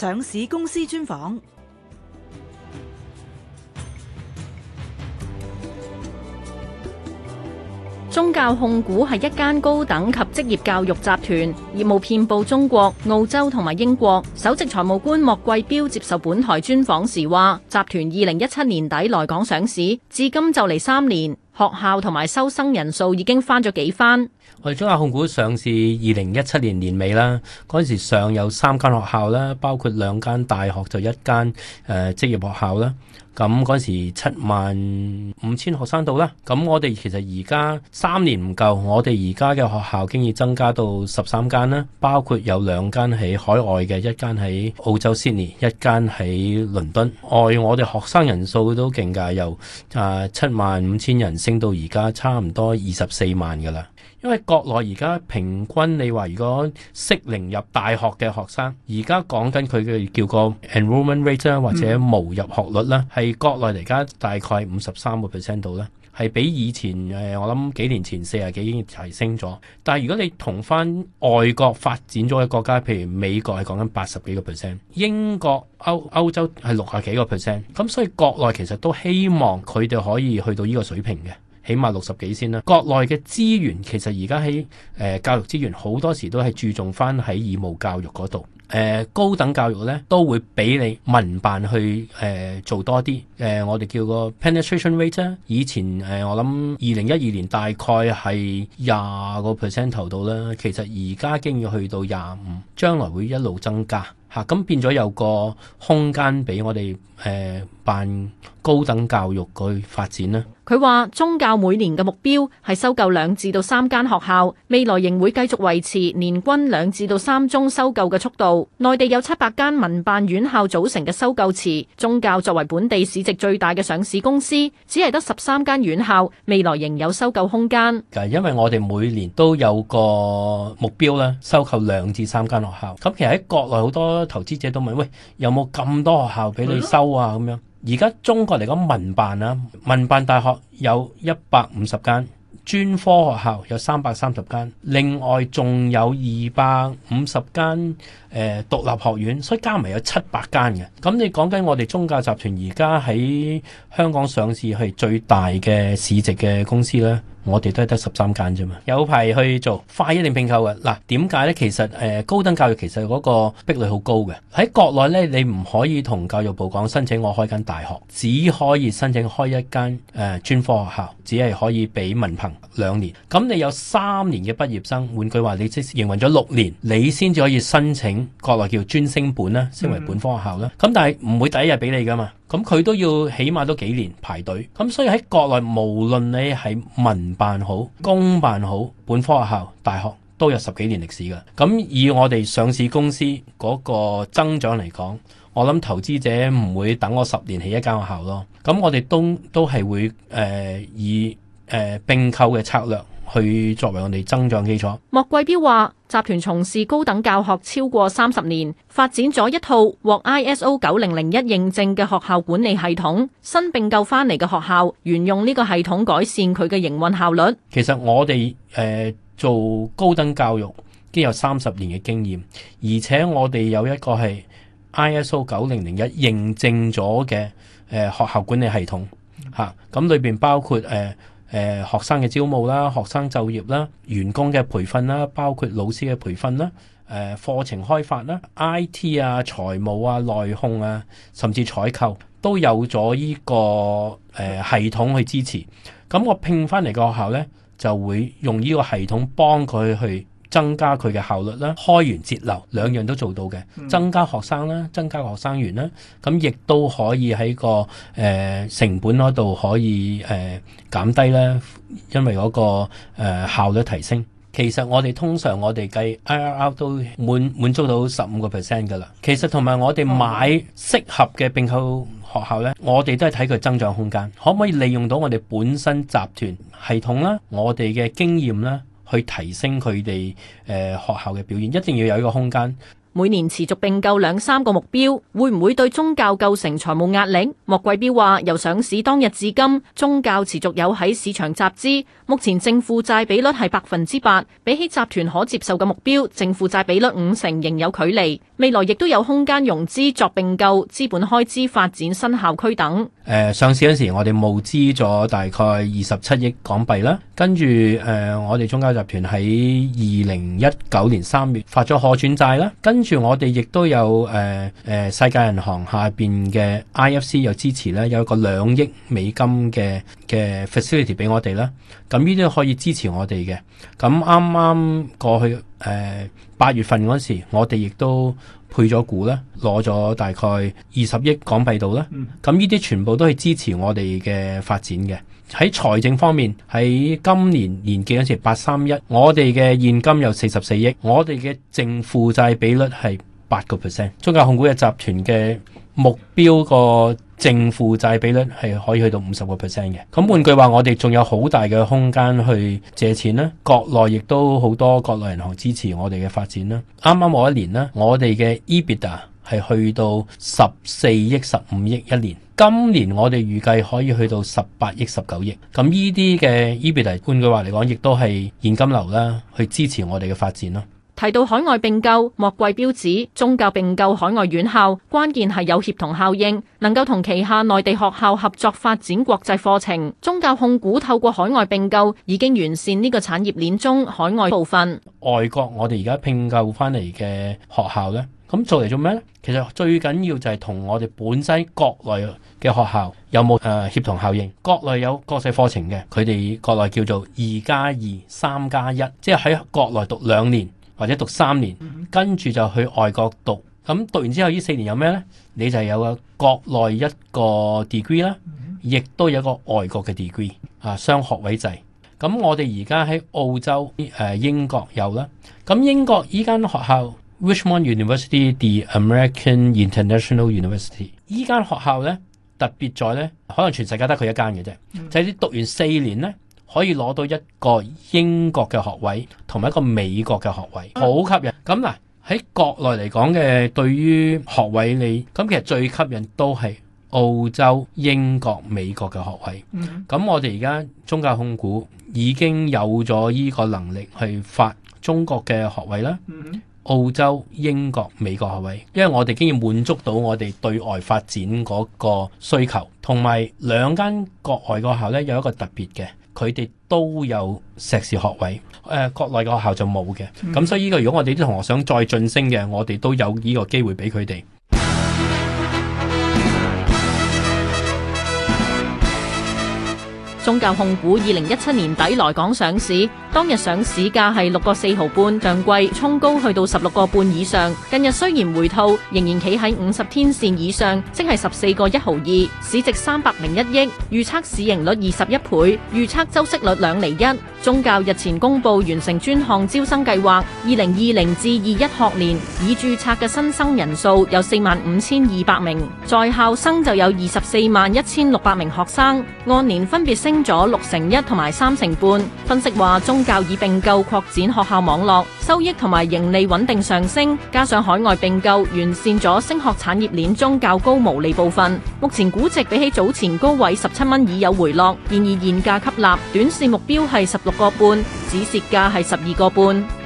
上市公司專訪，中教控股係一間高等及職業教育集團，業務遍布中國、澳洲同埋英國。首席財務官莫貴標接受本台專訪時話，集團二零一七年底來港上市，至今就嚟三年。學校同埋收生人數已經翻咗幾番。我哋中教控股上市二零一七年年尾啦，嗰陣時上有三間學校啦，包括兩間大學就一間誒職業學校啦。咁嗰陣時七萬五千學生到啦。咁我哋其實而家三年唔夠，我哋而家嘅學校經已增加到十三間啦，包括有兩間喺海外嘅，一間喺澳洲悉尼，一間喺倫敦。外我哋學生人數都勁噶，由啊、呃、七萬五千人。升到而家差唔多二十四萬噶啦，因為國內而家平均你話如果適齡入大學嘅學生，而家講緊佢嘅叫個 enrollment rate 或者無入學率啦，係、嗯、國內而家大概五十三個 percent 度咧。係比以前誒，我諗幾年前四十幾已經提升咗。但係如果你同翻外國發展咗嘅國家，譬如美國係講緊八十幾個 percent，英國歐歐洲係六十幾個 percent。咁所以國內其實都希望佢哋可以去到呢個水平嘅，起碼六十幾先啦。國內嘅資源其實而家喺誒教育資源好多時都係注重翻喺義務教育嗰度。誒、呃、高等教育咧都會俾你民辦去誒、呃、做多啲誒、呃，我哋叫個 penetration rate，以前誒、呃，我諗二零一二年大概係廿個 percent 頭度啦，其實而家經要去到廿五，將來會一路增加。嚇，咁變咗有一個空間俾我哋誒、呃、辦高等教育佢發展咧。佢話中教每年嘅目標係收購兩至到三間學校，未來仍會繼續維持年均兩至到三宗收購嘅速度。內地有七百間民辦院校組成嘅收購池，中教作為本地市值最大嘅上市公司，只係得十三間院校，未來仍有收購空間。誒，因為我哋每年都有個目標咧，收購兩至三間學校。咁其實喺國內好多。投資者都問喂，有冇咁多學校俾你收啊？咁樣而家中國嚟講，民辦啊，民辦大學有一百五十間，專科學校有三百三十間，另外仲有二百五十間誒獨立學院，所以加埋有七百間嘅。咁你講緊我哋中教集團而家喺香港上市係最大嘅市值嘅公司呢？」我哋都係得十三間啫嘛，有排去做快一點併購嘅。嗱、啊，點解呢？其實誒、呃，高等教育其實嗰個壁壘好高嘅。喺國內呢，你唔可以同教育部講申請我開間大學，只可以申請開一間誒專科學校，只係可以俾文憑兩年。咁你有三年嘅畢業生，換句話，你即使營運咗六年，你先至可以申請國內叫專升本啦，升為本科學校啦。咁、嗯、但係唔會第一日俾你噶嘛。咁佢都要起碼都幾年排隊，咁所以喺國內無論你係民辦好、公辦好、本科學校、大學都有十幾年歷史嘅。咁以我哋上市公司嗰個增長嚟講，我諗投資者唔會等我十年起一間學校咯。咁我哋都都係會誒、呃、以誒、呃、並購嘅策略去作為我哋增長基礎。莫貴標話。集團從事高等教學超過三十年，發展咗一套獲 ISO 九零零一認證嘅學校管理系統。新併購翻嚟嘅學校，沿用呢個系統改善佢嘅營運效率。其實我哋誒、呃、做高等教育已經有三十年嘅經驗，而且我哋有一個係 ISO 九零零一認證咗嘅誒學校管理系統。吓、啊，咁裏邊包括誒。呃誒學生嘅招募啦、學生就業啦、員工嘅培訓啦、包括老師嘅培訓啦、誒課程開發啦、IT 啊、財務啊、內控啊，甚至採購都有咗依個誒系統去支持。咁我拼翻嚟個學校咧，就會用依個系統幫佢去。增加佢嘅效率啦，開源節流兩樣都做到嘅，增加學生啦，增加學生源啦，咁亦都可以喺個誒、呃、成本嗰度可以誒減、呃、低啦，因為嗰、那個誒、呃、效率提升。其實我哋通常我哋計 IRR 都滿滿足到十五個 percent 噶啦。其實同埋我哋買適合嘅並購學校呢，我哋都係睇佢增長空間，可唔可以利用到我哋本身集團系統啦，我哋嘅經驗啦。去提升佢哋誒學校嘅表現，一定要有一個空間。每年持續併購兩三個目標，會唔會對中教構成財務壓力？莫貴標話：由上市當日至今，中教持續有喺市場集資，目前淨負債比率係百分之八，比起集團可接受嘅目標淨負債比率五成仍有距離。未來亦都有空間融資作併購、資本開支、發展新校區等。上市嗰時我哋募資咗大概二十七億港幣啦，跟住我哋中教集團喺二零一九年三月發咗可轉債啦，跟住我哋亦都有誒、呃呃、世界銀行下邊嘅 IFC 有支持，呢有一個兩億美金嘅嘅 facility 俾我哋啦。咁呢啲可以支持我哋嘅。咁啱啱過去。誒八、uh，月份嗰時，我哋亦都配咗股啦，攞咗大概二十億港幣度啦。咁呢啲全部都係支持我哋嘅發展嘅。喺財政方面，喺今年年結嗰時八三一，我哋嘅現金有四十四億，我哋嘅淨負債比率係八個 percent。中教控股嘅集團嘅目標個，正負債比率係可以去到五十個 percent 嘅，咁換句話，我哋仲有好大嘅空間去借錢啦。國內亦都好多國內銀行支持我哋嘅發展啦。啱啱嗰一年啦，我哋嘅 EBITDA 係去到十四億、十五億一年。今年我哋預計可以去到十八億、十九億。咁呢啲嘅 EBITDA，換句話嚟講，亦都係現金流啦，去支持我哋嘅發展咯。提到海外併購，莫貴標指中教並購海外院校，關鍵係有協同效應，能夠同旗下內地學校合作發展國際課程。中教控股透過海外並購，已經完善呢個產業鏈中海外部分。外國我哋而家並購翻嚟嘅學校呢，咁做嚟做咩呢？其實最緊要就係同我哋本身國內嘅學校有冇誒協同效應。國內有課國際課程嘅，佢哋國內叫做二加二、三加一，1，即係喺國內讀兩年。或者讀三年，跟住就去外國讀。咁讀完之後，呢四年有咩呢？你就有個國內一個 degree 啦，亦都有一個外國嘅 degree，啊，雙學位制。咁我哋而家喺澳洲、啊、英國有啦。咁英國依間學校 Richmond University，The American International University，依間學校呢，特別在呢，可能全世界得佢一間嘅啫。嗯、就係你讀完四年呢。可以攞到一個英國嘅學位，同埋一個美國嘅學位，好吸引。咁嗱喺國內嚟講嘅，對於學位你咁，其實最吸引都係澳洲、英國、美國嘅學位。咁我哋而家中教控股已經有咗呢個能力去發中國嘅學位啦。澳洲、英國、美國學位，因為我哋竟然滿足到我哋對外發展嗰個需求，同埋兩間國外學校呢，有一個特別嘅。佢哋都有碩士學位，誒、呃、國內嘅學校就冇嘅，咁、嗯、所以呢個如果我哋啲同學想再晉升嘅，我哋都有呢個機會俾佢哋。中教控股二零一七年底來港上市。當日上市價係六個四毫半，上季衝高去到十六個半以上。近日雖然回吐，仍然企喺五十天綫以上，即係十四個一毫二。市值三百零一億，預測市盈率二十一倍，預測周息率兩厘一。中教日前公布完成專項招生計劃，二零二零至二一學年已註冊嘅新生人數有四萬五千二百名，在校生就有二十四萬一千六百名學生，按年分別升咗六成一同埋三成半。分析話中教以併購擴展學校網絡，收益同埋盈利穩定上升，加上海外併購完善咗升學產業鏈中較高毛利部分。目前估值比起早前高位十七蚊已有回落，建議現價吸納，短線目標係十六個半，止蝕價係十二個半。